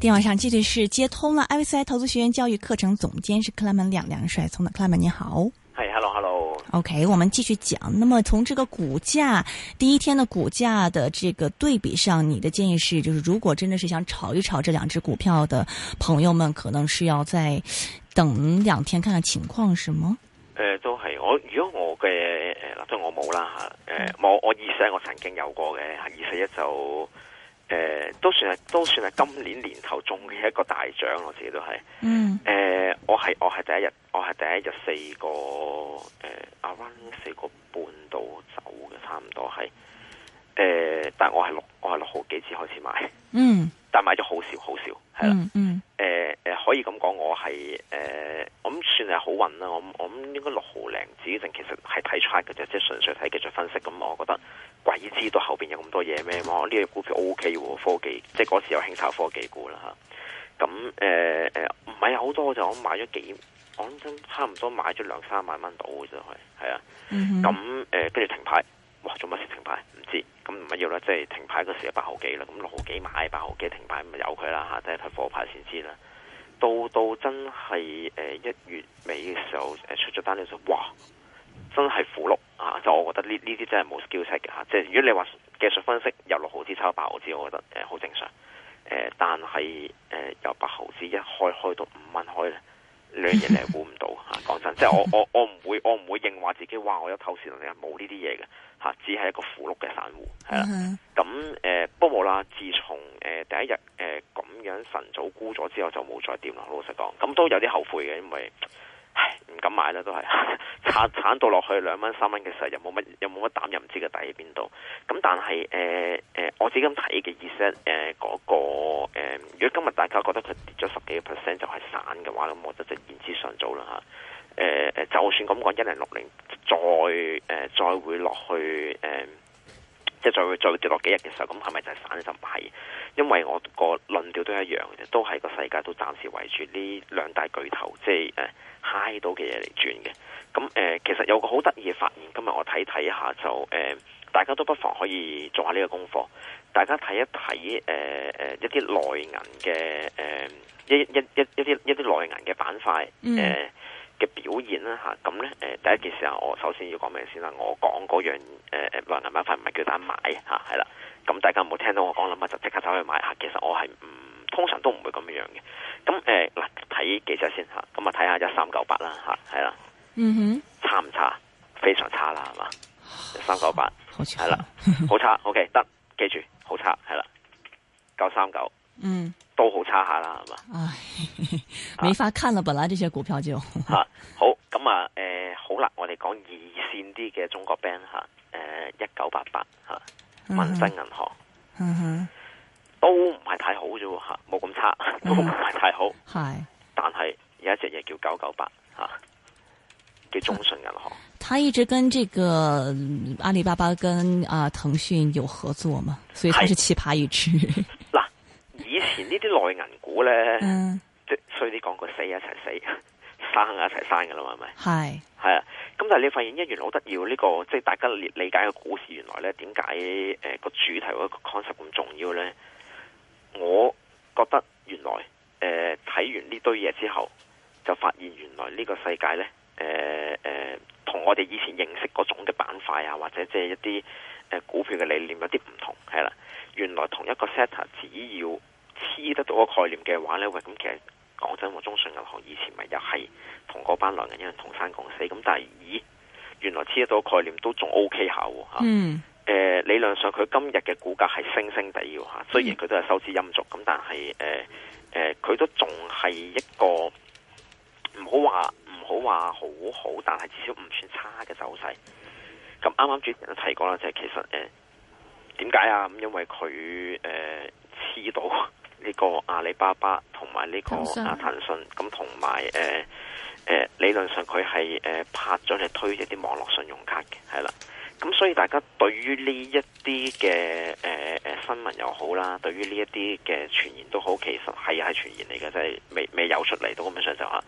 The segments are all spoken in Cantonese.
電話上繼續是接通了，IVC、SI、投資學院教育課程總監是克萊門梁梁帥聰，克萊門你好，係、hey,，hello hello，OK，、okay, 我們繼續講，那麼從這個股價第一天的股價的這個對比上，你的建議是，就是如果真的是想炒一炒這兩隻股票的朋友們，可能是要再等兩天看看情況，是嗎？呃、都係，我如果我嘅，誒，即係我冇啦吓，誒，我、呃、我，我二十一我曾經有過嘅，係二十一就。誒、呃，都算係，都算係今年年頭中嘅一個大獎，我自己都係。嗯。誒、呃，我係我係第一日，我係第一日四個誒，阿、呃、灣四個半度走嘅，差唔多係。誒、呃，但係我係六，我係六號幾次開始買。嗯。但係買咗好少，好少。係啦。嗯嗯。誒、嗯、誒、呃，可以咁講，我係誒。呃算係好運啦、啊，我我諗應該六毫零止，定其實係睇出嘅啫，即係純粹睇技術分析咁。我覺得鬼知道後邊有咁多嘢咩？呢個股票 O K 喎，科技即係嗰時有興炒科技股啦嚇。咁誒誒，唔係好多就我買咗幾我諗，差唔多買咗兩三萬蚊到啫係，係啊。咁誒跟住停牌，哇做乜事停牌？唔知，咁唔緊要啦，即係停牌嗰時八毫幾啦，咁六毫幾買，八毫幾停牌，咪由佢啦嚇，等一睇貨牌先知啦。到到真係誒、呃、一月尾嘅時候誒、呃、出咗單嘅時候就哇真係苦碌啊！就我覺得呢呢啲真係冇 skill set 嘅嚇、啊，即係如果你話技術分析由六毫子炒八毫子，我覺得誒好、呃、正常。誒、呃，但係誒由八毫子一開開到五蚊開咧。兩樣嘢估唔到。吓，講真，即係我我我唔會我唔會認話自己話我有透視能力，冇呢啲嘢嘅吓，只係一個附碌嘅散戶，係啦，咁誒，不過啦，自從誒第一日誒咁樣晨早沽咗之後，就冇再掂啦，老老實講，咁都有啲後悔嘅，因為。唔敢買啦，都係鏟鏟到落去兩蚊三蚊嘅時候，又冇乜又冇乜膽，又唔知佢底喺邊度。咁但係誒誒，我只咁睇嘅意思，誒、呃、嗰、那個誒、呃，如果今日大家覺得佢跌咗十幾個 percent 就係、是、散嘅話，咁我覺得就言之尚早啦吓。誒、呃、誒，就算咁講，一零六零再誒、呃、再會落去誒。呃即係再會再跌落幾日嘅時候，咁係咪就係散就買？因為我個論調都一樣嘅，都係個世界都暫時圍住呢兩大巨頭，即係誒嗨到嘅嘢嚟轉嘅。咁誒，其實有個好得意嘅發現，今日我睇睇下就誒，大家都不妨可以做下呢個功課。大家睇一睇誒誒一啲內銀嘅誒一一一一啲一啲內銀嘅板塊誒。嘅表現啦嚇，咁咧誒第一件事啊，我首先要講咩先啦？我講嗰樣誒誒黃銀買唔係叫大家買嚇，係啦。咁大家有冇聽到我講啦？就即刻走去買嚇。其實我係唔通常都唔會咁樣嘅。咁誒嗱，睇幾隻先嚇。咁啊睇下一三九八啦嚇，係啦。嗯、啊、哼、啊，差唔差？非常差啦，係嘛？一三九八，係啦，好差。OK，得記住，好差，係啦，九三九。嗯。都好差下啦，係嘛？唉、哎，沒法看了。本來這些股票就吓好咁啊！誒、嗯嗯嗯，好啦，我哋講二線啲嘅中國 bank 吓、嗯，誒，一九八八吓，民生銀行，哼，都唔係太好啫，吓，冇咁差，都唔係太好，係、嗯。但係有一隻嘢叫九九八吓，叫中信銀行。他一直跟這個阿里巴巴跟啊騰訊有合作嘛，所以他是奇葩一隻。以前呢啲內銀股呢，即係所以啲港股死一齊死，生一齊生噶啦嘛，係咪？係係啊，咁但係你發現，一原來好得意呢個，即係大家理解嘅股市，原來呢點解誒個主題個 concept 咁重要呢？我覺得原來誒睇、呃、完呢堆嘢之後，就發現原來呢個世界呢，誒、呃、誒，同、呃、我哋以前認識嗰種嘅板塊啊，或者即係一啲、呃、股票嘅理念有啲唔同，係啦，原來同一個 sector 只要黐得到個概念嘅話呢，喂，咁其實講真喎，中信銀行以前咪又係同嗰班兩人一樣同生共死，咁但係，咦，原來黐得到概念都仲 OK 下喎嚇。啊嗯、理論上佢今日嘅股價係升升地要嚇，雖然佢都係收市陰燭，咁但係誒誒，佢、啊啊、都仲係一個唔好話唔好話好好，但係至少唔算差嘅走勢。咁啱啱主持人都提過啦，即、就、係、是、其實誒點解啊？咁因為佢誒黐到，呢個阿里巴巴同埋呢個騰訊啊，騰訊，咁同埋誒誒理論上佢係誒拍咗嚟推一啲網絡信用卡嘅，係啦。咁、嗯、所以大家對於呢一啲嘅誒誒新聞又好啦，對於呢一啲嘅傳言都好，其實係係傳言嚟嘅，即係未未有出嚟到咁樣上就嚇。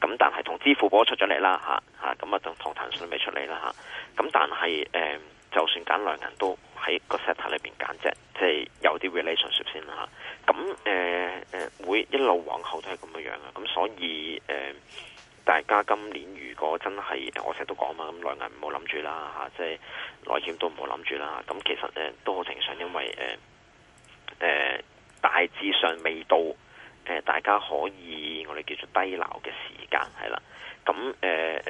咁、嗯、但係同支付寶出咗嚟啦吓，嚇、啊，咁啊，啊、嗯、同同騰訊未出嚟啦吓，咁、啊啊、但係誒。嗯就算揀內銀都喺個 settle 裏邊揀啫，即係有啲 relationship 先啦。咁誒誒會一路往後都係咁樣樣啊。咁所以誒、呃，大家今年如果真係我成日都講嘛，咁內銀唔好諗住啦嚇，即係內險都唔好諗住啦。咁、啊、其實誒、呃、都好正常，因為誒誒、呃呃、大致上未到誒、呃、大家可以我哋叫做低撈嘅時間係啦。咁誒誒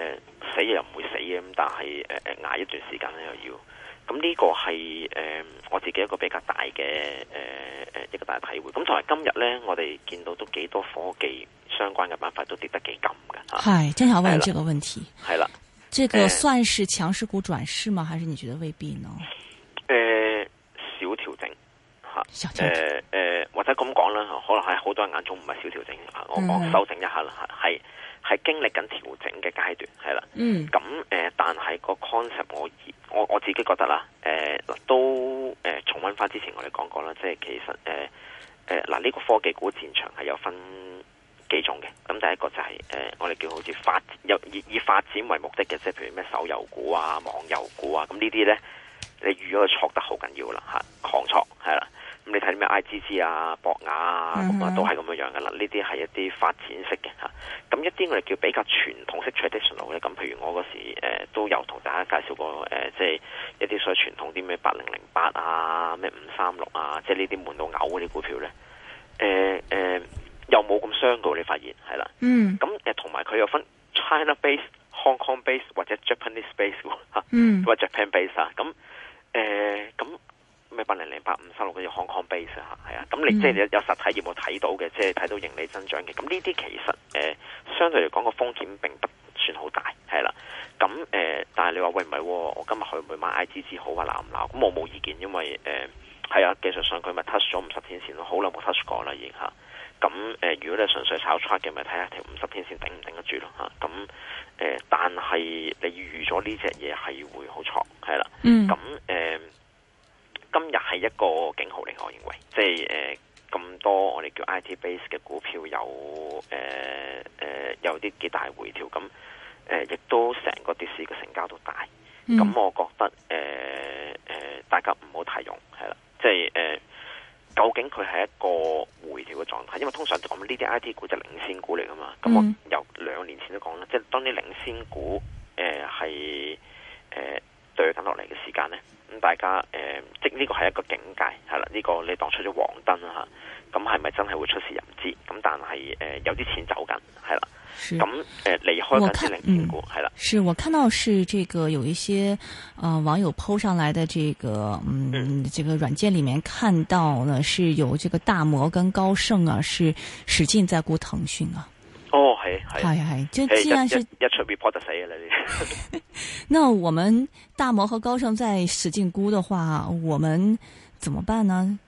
死又唔會死咁但係誒誒捱一段時間咧又要。咁呢、嗯，這個係誒、呃、我自己一個比較大嘅誒誒一個大體會，咁同埋今日咧，我哋見到都幾多科技相關嘅板塊都跌得幾咁嘅吓。係，真想問你這個問題。係啦，這個算是強勢股轉勢嗎？還是你覺得未必呢？誒、呃，小調整。誒誒、啊啊，或者咁講啦，可能喺好多人眼中唔係小調整，啊、我、mm. 我修正一下啦，係係經歷緊調整嘅階段，係啦，咁誒、mm. 啊，但係個 concept 我我我自己覺得啦，誒、啊、都誒、啊、重溫翻之前我哋講過啦，即係其實誒誒嗱，呢、啊啊這個科技股戰場係有分幾種嘅，咁第一個就係、是、誒、啊、我哋叫好似發展有以以發展為目的嘅，即係譬如咩手遊股啊、網遊股啊，咁呢啲咧，你預咗佢錯得好緊要啦，吓、啊、狂錯係啦。你睇啲咩 IGG 啊，博雅啊，咁啊都係咁樣樣噶啦。呢啲係一啲發展式嘅吓。咁、啊、一啲我哋叫比較傳統式 traditional 咧。咁譬如我嗰時、呃、都有同大家介紹過誒、呃，即係一啲所謂傳統啲咩八零零八啊，咩五三六啊，即係呢啲悶到嘔嗰啲股票咧。誒、呃、誒、呃，又冇咁傷到，你發現係啦。嗯。咁、啊、誒，同埋佢又分 China base、based, Hong Kong base 或者 Japanese base 喎。嗯、啊。或者 Japan base 啊，咁誒咁。啊啊啊啊啊啊啊咩八零零八五三六嗰隻 Hong Kong base 啊，係 啊樂，咁你即係你有實體業務睇到嘅，即係睇到盈利增長嘅，咁呢啲其實誒相對嚟講個風險並不算好大，係啦，咁誒，但係你話喂唔係，我今日去唔去買 IG 好啊，鬧唔鬧？咁我冇意見，因為誒係啊，技術上佢咪 touch 咗五十天線咯，好耐冇 touch 過啦，已經，咁誒，如果你純粹炒出嘅，咪睇下條五十天線頂唔頂得住咯吓，咁誒，但係你要預咗呢隻嘢係會好錯，係啦，咁誒。今日係一個警號嚟，我認為即係誒咁多我哋叫 I T base 嘅股票有誒誒、呃呃、有啲幾大回調，咁誒亦都成個跌市嘅成交都大，咁我覺得誒誒、呃呃、大家唔好太用係啦，即係誒、呃、究竟佢係一個回調嘅狀態，因為通常我呢啲 I T 股就領先股嚟㗎嘛，咁我由兩年前都講啦，即係當啲領先股誒係誒對緊落嚟嘅時間咧。咁大家誒、呃，即呢個係一個境界係啦，呢、這個你當出咗黃燈啦。咁係咪真係會出事，人唔知？咁但係誒、呃，有啲錢走緊係啦，咁誒是、呃、離開三千零點股係啦。是我看到是這個有一些啊、呃、網友 PO 上來的這個嗯，嗯這個軟件裡面看到呢是有這個大摩跟高盛啊，是使勁在沽騰訊啊。係係，就既然一出 report 就死你啦，那我們大摩和高盛再使勁沽嘅話，我們怎麼辦呢？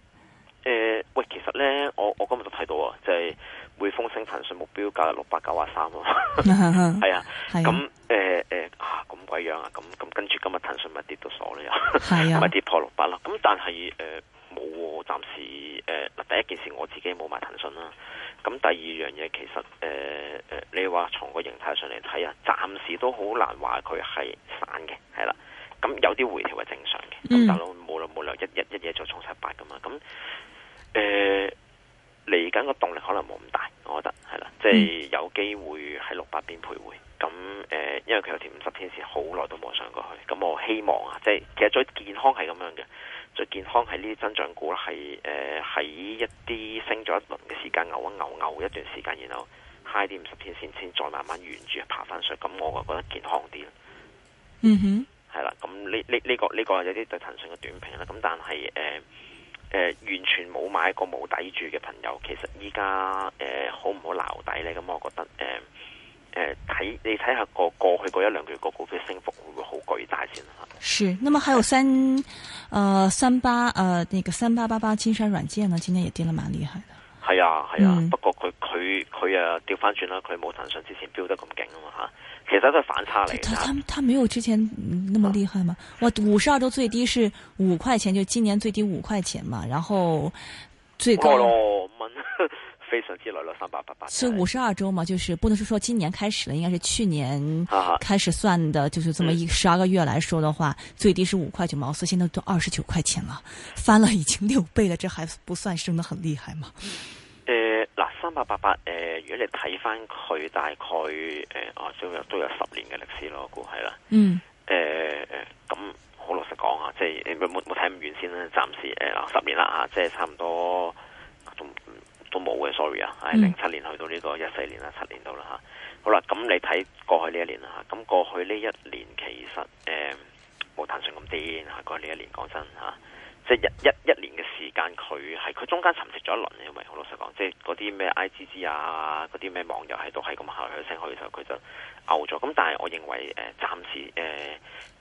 誒，喂，其實咧，我我今日就睇到啊，就係每封升騰訊目標價六百九啊三囉，係啊，咁誒誒啊咁鬼樣啊，咁咁跟住今日騰訊咪跌到傻咧又，係啊，咪跌破六百啦，咁但係誒冇，暫時誒第一件事我自己冇買騰訊啦。Man. 咁第二樣嘢其實誒誒、呃，你話從個形態上嚟睇啊，暫時都好難話佢係散嘅，係啦。咁有啲回調係正常嘅，咁大佬冇冇冇兩一日一夜就衝七八噶嘛？咁誒嚟緊個動力可能冇咁大，我覺得係啦，即係、就是、有機會喺六百邊徘徊。咁誒、呃，因為佢有條五十天線，好耐都冇上過去。咁我希望啊，即、就、係、是、其實最健康係咁樣嘅。最健康係呢啲增長股啦，係誒喺一啲升咗一輪嘅時間，牛一牛牛一段時間，然後 high 啲五十天線，先再慢慢沿住爬翻上，咁我覺得健康啲咯。嗯哼，係啦，咁呢呢呢個呢個有啲對騰訊嘅短評啦，咁但係誒誒完全冇買過冇底住嘅朋友，其實依家誒好唔好留底咧？咁我覺得誒。呃誒，睇你睇下過過去過一兩個月個股票升幅會唔會好巨大先吓？是，那麼還有三，誒、呃、三八，誒、呃、那個三八八八金山軟件呢？今年也跌得蠻厲害的。係啊係啊，啊嗯、不過佢佢佢啊掉返轉啦，佢冇騰訊之前飆得咁勁啊嘛吓，其實都係反差嚟。它它它,它,它,它沒有之前那麼厲害嗎？啊、哇，五十二周最低是五塊錢，就是、今年最低五塊錢嘛，然後最高。非常之耐咯，三百八八所以五十二周嘛，就是不能是說今年開始了，應該是去年開始算的， 就是這麼一十二個月來說的話，嗯、最低是五塊九毛四，現在都二十九塊錢了，翻了已經六倍了，這還不算升得很厲害嘛。誒嗱、呃，三百八八，誒、呃，如果你睇翻佢大概誒，哦、呃，都、啊、有都有十年嘅歷史咯，估係啦，嗯，誒、呃，咁、呃、好老實講啊，即係冇冇睇唔遠先啦，暫時誒、呃呃，十年啦吓，即、呃、係差唔多。冇嘅，sorry 啊！零七、mm. 年去到呢、這個一四年啦，七年到啦吓。好啦，咁你睇過去呢一年啦吓。咁過去呢一年其實誒冇騰訊咁癲吓。過去呢一年講真吓，即係一一一年嘅、啊就是、時間，佢係佢中間沉寂咗一輪，因為好老實講，即係嗰啲咩 IGG 啊，嗰啲咩網友係都係咁下下聲去，候佢就，就牛咗。咁、啊、但係我認為誒，暫、呃、時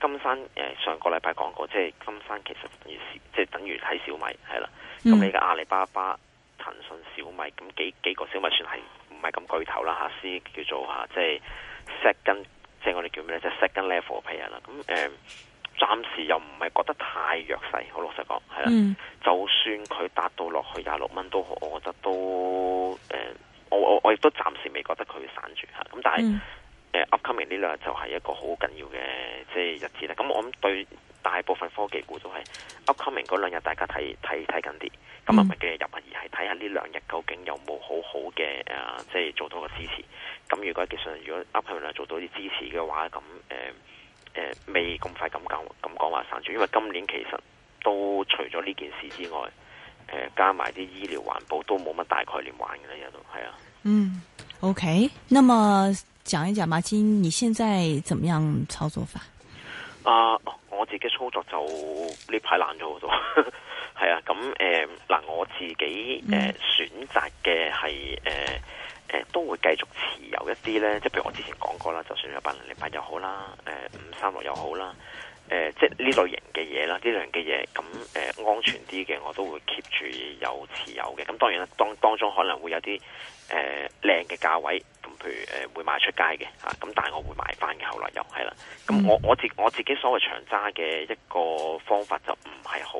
誒，金、呃、山誒、呃、上個禮拜講過，即係金山其實等於即係等於睇小米係啦。咁你嘅阿里巴巴。Mm. 騰訊、騰訊小米咁幾幾個小米算係唔係咁巨頭啦吓，先叫做吓即係 second，即係我哋叫咩咧，即係 second level 嘅 player 啊。咁誒，暫時又唔係覺得太弱勢，好老實講係啦。Mm. 就算佢達到落去廿六蚊都好，我覺得都誒、嗯，我我我亦都暫時未覺得佢散住吓。咁、嗯、但係誒、mm. 嗯、，upcoming 呢兩日就係一個好緊要嘅即係日子咧。咁、嗯、我諗對。大部分科技股都係，upcoming 嗰兩日，大家睇睇睇緊啲，咁咪繼續入，而係睇下呢兩日究竟有冇好好嘅，誒、呃，即係做到個支持。咁如果其實如果 upcoming 做到啲支持嘅話，咁誒誒，未、呃、咁、呃、快咁講咁講話散住，因為今年其實都除咗呢件事之外，誒、呃，加埋啲醫療環保都冇乜大概念玩嘅啦，都係啊。嗯，OK，那麼講一講吧，馬金，你現在怎麼樣操作法？啊、呃。我自己操作就呢排爛咗好多， 係啊，咁誒嗱，我自己誒、呃、選擇嘅係誒誒都會繼續持有一啲咧，即係譬如我之前講過啦，就算有八零零八又好啦，誒、呃、五三六又好啦，誒、呃、即係呢類型嘅嘢啦，呢類型嘅嘢咁誒安全啲嘅我都會 keep 住有持有嘅，咁當然啦，當當中可能會有啲。誒，靚嘅價位，咁譬如誒、呃、會賣出街嘅吓，咁、啊、但係我會買翻嘅，後來又係啦。咁我我自我自己所謂長揸嘅一個方法就唔係好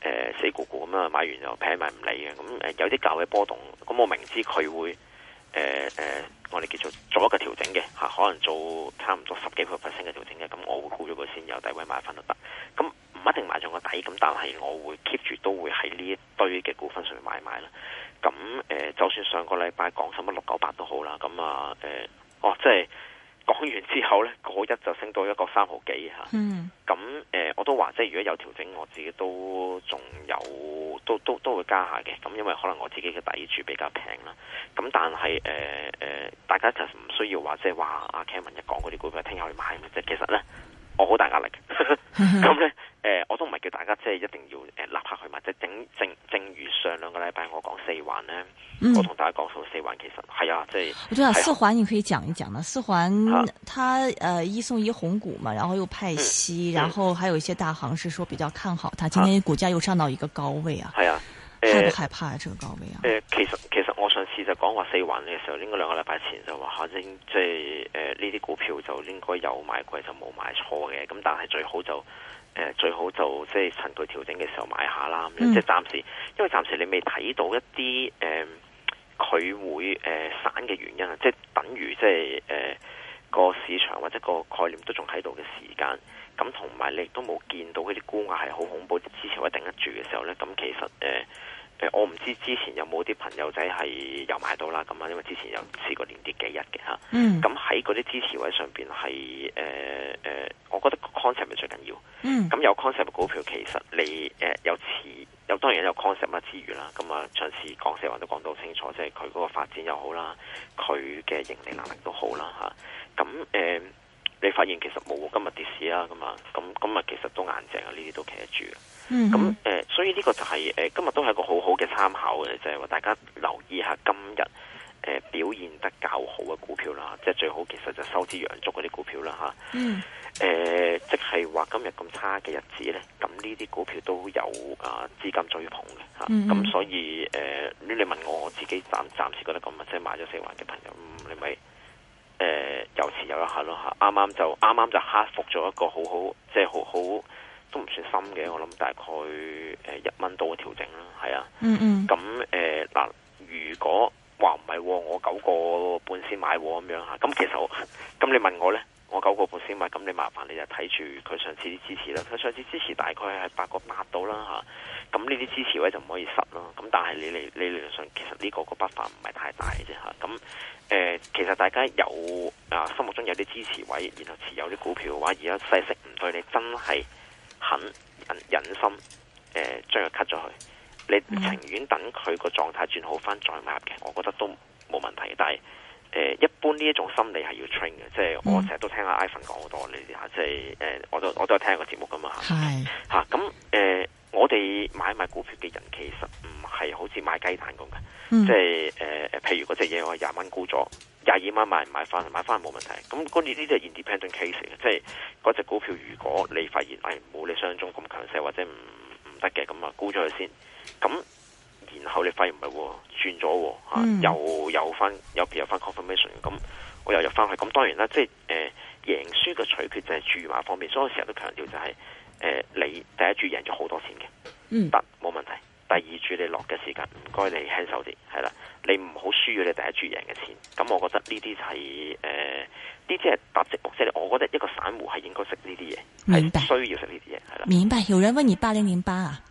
誒死咕咕咁啊，買完又平埋唔理嘅。咁誒、呃、有啲價位波動，咁我明知佢會誒誒、呃呃，我哋叫做做一個調整嘅吓、啊，可能做差唔多十幾個 percent 嘅調整嘅，咁我會沽咗佢先，有低位買翻都得。咁唔一定買咗個底，咁但係我會 keep 住都會喺呢一堆嘅股份上面買買啦。咁誒、呃，就算上個禮拜講什麼六九八都好啦。咁啊誒，哦，即係講完之後咧，嗰一日就升到一個三毫幾嚇。啊、嗯。咁誒、呃，我都話即係如果有調整，我自己都仲有，都都都會加下嘅。咁因為可能我自己嘅底住比較平啦。咁但係誒誒，大家就唔需要話即係話阿 Kevin 一講嗰啲股票，聽日去買。即係其實咧。我好大壓力咁咧，誒、 呃，我都唔係叫大家即係一定要誒、呃、立下佢嘛，即係整正正，正如上兩個禮拜我講四環咧，嗯、我同大家講數四環其實係啊，即、就、係、是。我就話四環你可以講一講啦，四環，它誒、啊呃、一送一紅股嘛，然後又派息，嗯、然後還有一些大行是說比較看好它，今天股價又上到一個高位啊，係啊，害不害怕啊？這個高位啊？誒、啊呃，其實其實。我上次就講話四環嘅時候，應、這、該、個、兩個禮拜前就話，反正即係誒呢啲股票就應該有買貴就冇買錯嘅。咁但係最好就誒、呃、最好就即係、就是、趁佢調整嘅時候買下啦。嗯、即係暫時，因為暫時你未睇到一啲誒佢會誒、呃、散嘅原因啊，即係等於即係誒個市場或者個概念都仲喺度嘅時間。咁同埋你都冇見到嗰啲沽壓係好恐怖，之前市場會頂得住嘅時候咧，咁其實誒。呃誒，我唔知之前有冇啲朋友仔係有買到啦，咁啊，因為之前有試過連跌幾日嘅嚇。咁喺嗰啲支持位上邊係誒誒，我覺得 concept 係最緊要。咁、mm. 有 concept 嘅股票，其實你誒有似，有當然有 concept 啦，之餘啦。咁啊，上次講四環都講到好清楚，即係佢嗰個發展又好啦，佢嘅盈利能力都好啦嚇。咁、啊、誒。嗯呃你發現其實冇今日跌市啊，咁啊，咁今日其實都硬淨啊，呢啲都企得住咁誒、mm hmm. 呃，所以呢個就係、是、誒、呃、今日都係一個好好嘅參考嘅，就係、是、話大家留意下今日誒、呃、表現得較好嘅股票啦，即係最好其實就收支養足嗰啲股票啦嚇。嗯、mm hmm. 呃。即係話今日咁差嘅日子咧，咁呢啲股票都有啊資金追捧嘅嚇。咁、啊 mm hmm. 所以誒、呃，你問我，我自己暫暫時覺得咁啊，即係買咗四環嘅朋友，嗯、你咪。誒、呃、有時有一下咯嚇，啱啱就啱啱就克服咗一個好好，即係好好都唔算深嘅。我諗大概誒一蚊多嘅調整啦，係啊。嗯嗯。咁誒嗱，如果話唔係我九個半先買喎咁樣嚇，咁其實咁你問我咧？我九個 p 先 r 買，咁你麻煩你就睇住佢上次啲支持啦。佢上次支持大概係八個八到啦嚇，咁呢啲支持位就唔可以失咯。咁、啊、但係你理你理論上，其實呢、這個個筆法唔係太大嘅啫嚇。咁、啊、誒、呃，其實大家有啊，心目中有啲支持位，然後持有啲股票嘅話，而家勢色唔對，你真係肯忍，忍，忍，忍，忍心誒將佢 cut 咗佢，你情願等佢個狀態轉好翻再買入嘅，我覺得都冇問題，但係，誒、呃，一般呢一種心理係要 train 嘅，即係我成日都聽阿 iPhone 講好多呢啲吓，即係誒、呃，我都我都係聽個節目噶嘛，吓是，咁誒、啊呃，我哋買買股票嘅人其實唔係好似買雞蛋咁嘅，嗯、即係誒誒，譬如嗰隻嘢我廿蚊沽咗廿二蚊買，買翻，買翻係冇問題，咁嗰啲呢啲係 independent case 嚟嘅，即係嗰隻股票如果你發現誒冇、哎、你想像中咁強勢或者唔唔得嘅，咁啊沽咗佢先，咁。然後你發現唔係喎，轉咗喎，哦，吓又入翻，又有翻 confirmation，咁，嗯，我又入翻去。咁當然啦，即係誒贏輸嘅取決就係注碼方面。所以我成日都強調就係，是，誒，呃，你第一注贏咗好多錢嘅，得冇，嗯，問題。第二注你落嘅時間唔該你輕手啲，係啦，你唔好輸咗你第一注贏嘅錢。咁我覺得呢啲就係誒呢啲係特質，即，呃，者我覺得一個散戶係應該食呢啲嘢，係需要食呢啲嘢，係啦。明白。有人問你八零零八啊？白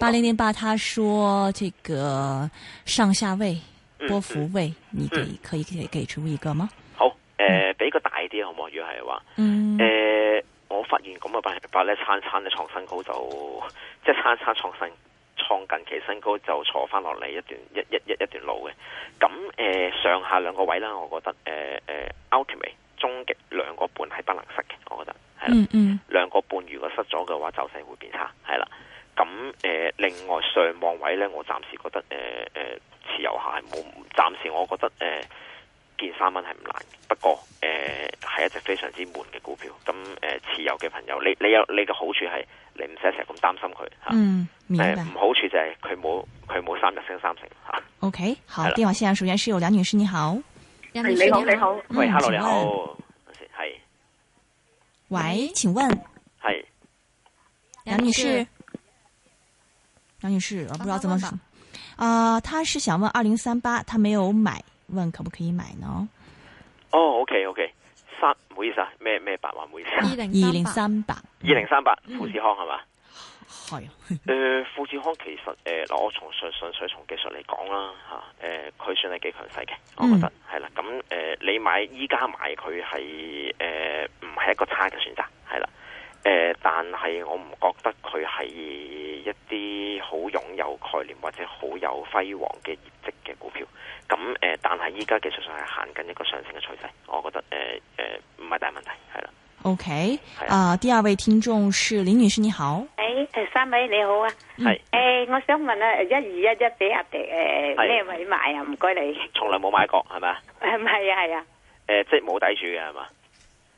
八零零八，他說：這個上下位波幅位，你可以給出一個嗎？好，誒，俾個大啲好唔好？如果係話，誒，我發現咁嘅八零零八咧，撐撐就創新高就，即係撐撐創新創近期新高就坐翻落嚟一段一一一一段路嘅。咁誒，上下兩個位咧，我覺得誒誒，ultimate 終極兩個半係不能失嘅，我覺得。嗯嗯。兩個半如果失咗嘅話，走勢會變差，係啦。咁誒，另外上望位咧，我暫時覺得誒誒持有下係冇，暫時我覺得誒見三蚊係唔難，不過誒係一隻非常之悶嘅股票。咁誒持有嘅朋友，你你有你嘅好處係你唔使成日咁擔心佢吓，誒唔好處就係佢冇佢冇三日升三成吓。OK，好，電話線首先係有梁女士，你好，梁女士你好，喂，hello 你好，係，喂，請問，係、嗯、梁女士。楊女士，我不知道怎點講，啊、呃，他是想問二零三八，他沒有買，問可不可以買呢？哦、oh,，OK OK，三唔好意思啊，咩咩白話唔好意思，啊。二零二零三八，二零三八，富士康係嘛？係。誒、 呃，富士康其實誒，嗱、呃，我從純純粹從技術嚟講啦吓，誒、呃，佢算係幾強勢嘅，我覺得係、嗯、啦。咁、呃、誒，你買依家買佢係誒，唔、呃、係一個差嘅選擇，係啦。誒，嗯，但係我唔覺得佢係一啲好擁有概念或者好有輝煌嘅業績嘅股票。咁誒，但係依家技術上係行緊一個上升嘅趨勢，我覺得誒誒唔係大問題，係啦。OK，啊、uh,，第二位聽眾是林女士，你好。誒、hey, uh, huh? hey, uh,，三位你好啊，係。誒，我想問啊，一二一一比亞迪，誒，咩位買啊？唔該你。從來冇買過係咪？誒，係啊，係啊。誒，即係冇抵住嘅係嘛？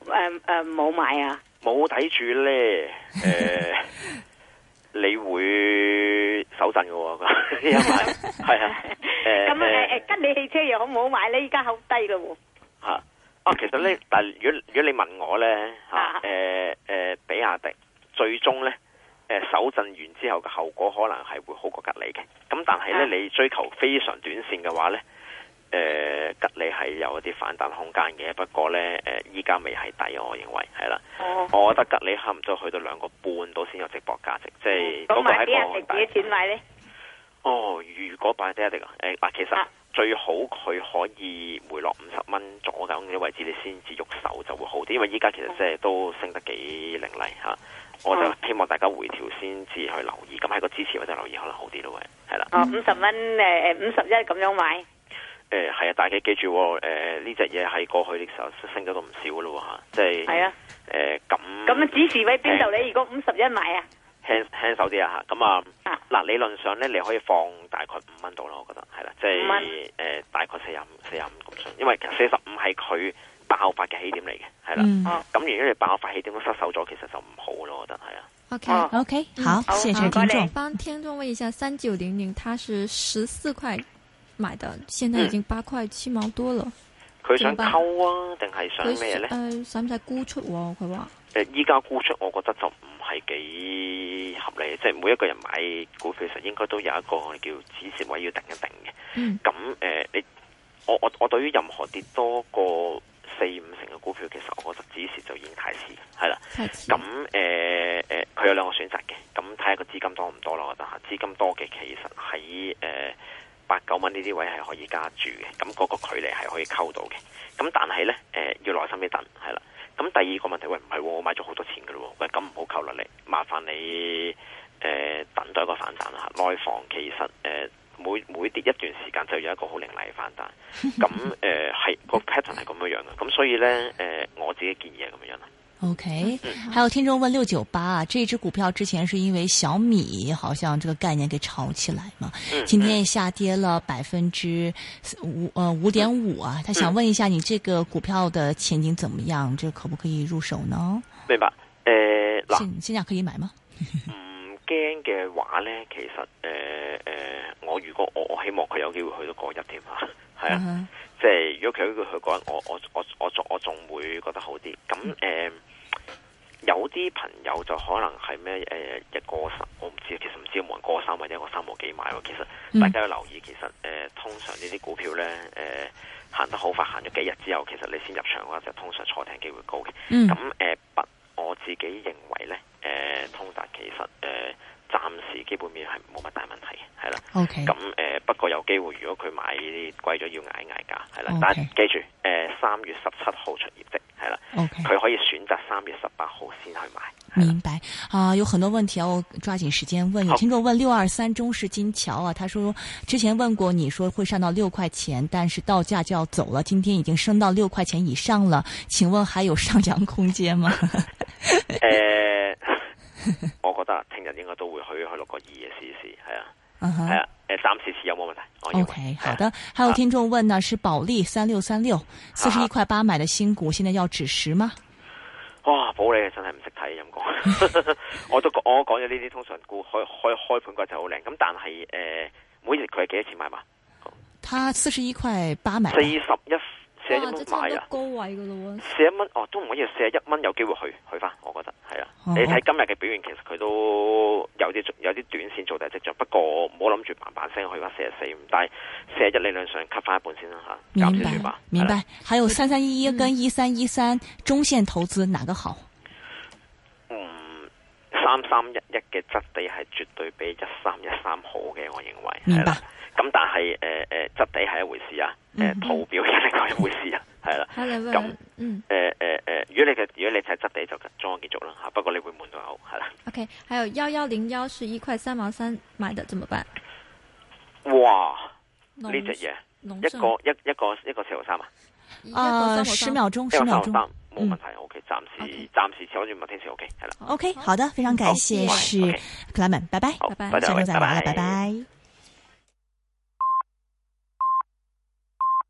誒誒，冇買啊。冇睇住咧，誒、呃，你會手震嘅、哦，因為係啊，誒、嗯，咁誒、嗯，吉利汽車又好唔好買咧？依家好低咯，吓，啊，其實咧，但係如果如果你問我咧，吓、啊，誒、啊，誒、呃，比亞迪最終咧，誒，手震完之後嘅後果可能係會好過吉利嘅，咁但係咧，啊、你追求非常短線嘅話咧。誒，吉利係有一啲反彈空間嘅，不過咧，誒、呃，依家未係底、啊，我認為係啦。Oh. 我覺得吉利差唔多去到兩個半，到先有值博價值，嗯、即係。咁埋呢啲，即係幾多錢買咧？哦，如果擺低，一、呃、釐，誒，嗱，其實、ah. 最好佢可以回落五十蚊左右嘅位置，你先至喐手就會好啲，因為依家其實即係都升得幾凌厲吓、啊。我就希望大家回調先至去留意，咁喺、ah. 個支持位度留意可能好啲咯，喂，係啦。哦、mm. oh，五十蚊，誒誒，五十一咁樣買。誒，係啊，大家記住，誒呢隻嘢喺過去嘅時候升咗都唔少咯，吓，即係係啊，誒咁咁指示位邊度你如果五十一買啊，輕輕手啲啊吓，咁啊，嗱，理論上咧你可以放大概五蚊度咯，我覺得係啦，即係誒大概四十五、四十五咁上，因為四十五係佢爆發嘅起點嚟嘅，係啦，咁如果嚟爆發起點都失守咗，其實就唔好咯，我覺得係啊。OK OK，好，謝謝聽眾。幫聽眾問一下，三九零零，它是十四塊。買的，現在已經八塊七毛多了。佢、嗯、想溝啊，定係想咩呢？使唔使沽出、啊？佢話誒，依家沽出，我覺得就唔係幾合理。即、就、係、是、每一個人買股票時，應該都有一個叫止蝕位要定一定嘅。咁誒、嗯呃，你我我我對於任何跌多過四五成嘅股票，其實我覺得止蝕就已經太遲，係啦。咁誒誒，佢、呃呃呃、有兩個選擇嘅，咁睇下個資金多唔多咯。我覺得吓，資金多嘅其實喺誒。呃呃八九蚊呢啲位係可以加注嘅，咁嗰個距離係可以溝到嘅，咁但係呢，誒、呃、要耐心啲等，係啦。咁第二個問題，喂，唔係，我買咗好多錢噶啦，喂，咁唔好溝落嚟，麻煩你誒、呃、等待一個反彈啦，內房其實誒、呃、每每跌一段時間就有一個好凌厲嘅反彈，咁誒係個 pattern 係咁樣樣嘅，咁所以呢，誒、呃、我自己建議係咁樣啦。OK，嗯、還有聽眾問六九八，啊，這隻股票之前是因為小米，好像這個概念給炒起來嘛？嗯、今天下跌了百分之五，呃五點五啊。他想問一下你這個股票的前景怎麼樣？這可不可以入手呢？明白？誒、呃、嗱，現在可以買嗎？唔驚嘅話呢，其實誒誒、呃呃，我如果我我希望佢有機會去到過日添啊，係、嗯、哼啊，即係如果佢有機會去過日，我我我我仲我仲會覺得好啲咁誒。有啲朋友就可能係咩誒一個三，我唔知其實唔知有冇人過三或者過三毫幾買咯。其實大家要留意，其實誒、呃、通常呢啲股票咧誒、呃、行得好快，行咗幾日之後，其實你先入場嘅話，就通常坐艇機會高嘅。咁誒不，呃、我自己認為咧誒、呃、通達其實誒暫、呃、時基本面係冇乜大問題嘅，係啦。咁誒 Okay.、呃、不過有機會，如果佢買呢啲貴咗，要挨挨價係啦。Okay. 但記住誒三、呃、月十七號出業績。係啦，佢 Okay. 可以選擇三月十八號先去買。明白啊，的 uh，有很多問題要問，要抓緊時間問。有聽眾問六二三中式金橋啊，他說之前問過，你說會上到六塊錢，但是到價就要走了。今天已經升到六塊錢以上了，請問還有上漲空間嗎？誒，我覺得聽日應該都會去去六個二嘅試一試，係啊。係、uh huh. 啊，誒，暫時持有冇問題？O、okay, K，好的，還有聽眾問呢， 是保利三六三六四十一塊八買的新股，現在要止蝕嗎？哇、啊，保利真係唔識睇咁講，我都我講咗呢啲通常股開開開盤嗰陣好靚，咁但係誒、呃，每日佢係幾多錢買嘛？佢，四十一塊八買。四十一。四一蚊，唔多、啊、高位噶啦，四一蚊哦，都唔可以，四一蚊有機會去去翻，我覺得係啦。啊、你睇今日嘅表現，其實佢都有啲有啲短綫做大跡象，不過唔好諗住慢慢升去翻四十四，但係四十一理論上吸翻一半先啦，吓，搞清楚吧。明白，還有三三一一跟一三一三中綫投資哪個好？三三一一嘅質地係絕對比一三一三好嘅，我認為明白。咁但係誒誒質地係一回事啊，誒圖表另外一回事啊，係啦。咁，嗯，誒誒誒，如果你嘅如果你睇質地就中安結束啦吓，不過你會悶到嘔係啦。OK，還有幺幺零幺是一塊三毛三買的，怎麼辦？哇！呢隻嘢，一個一一個一個四毫三啊！啊，十秒鐘，十秒鐘。冇、嗯、問題，OK，暫時暫、okay. 時收住麥聽先，OK，係啦，OK，、啊、好的，非常感謝、oh, 是。是 c l e m e n 拜拜，拜拜，拜拜。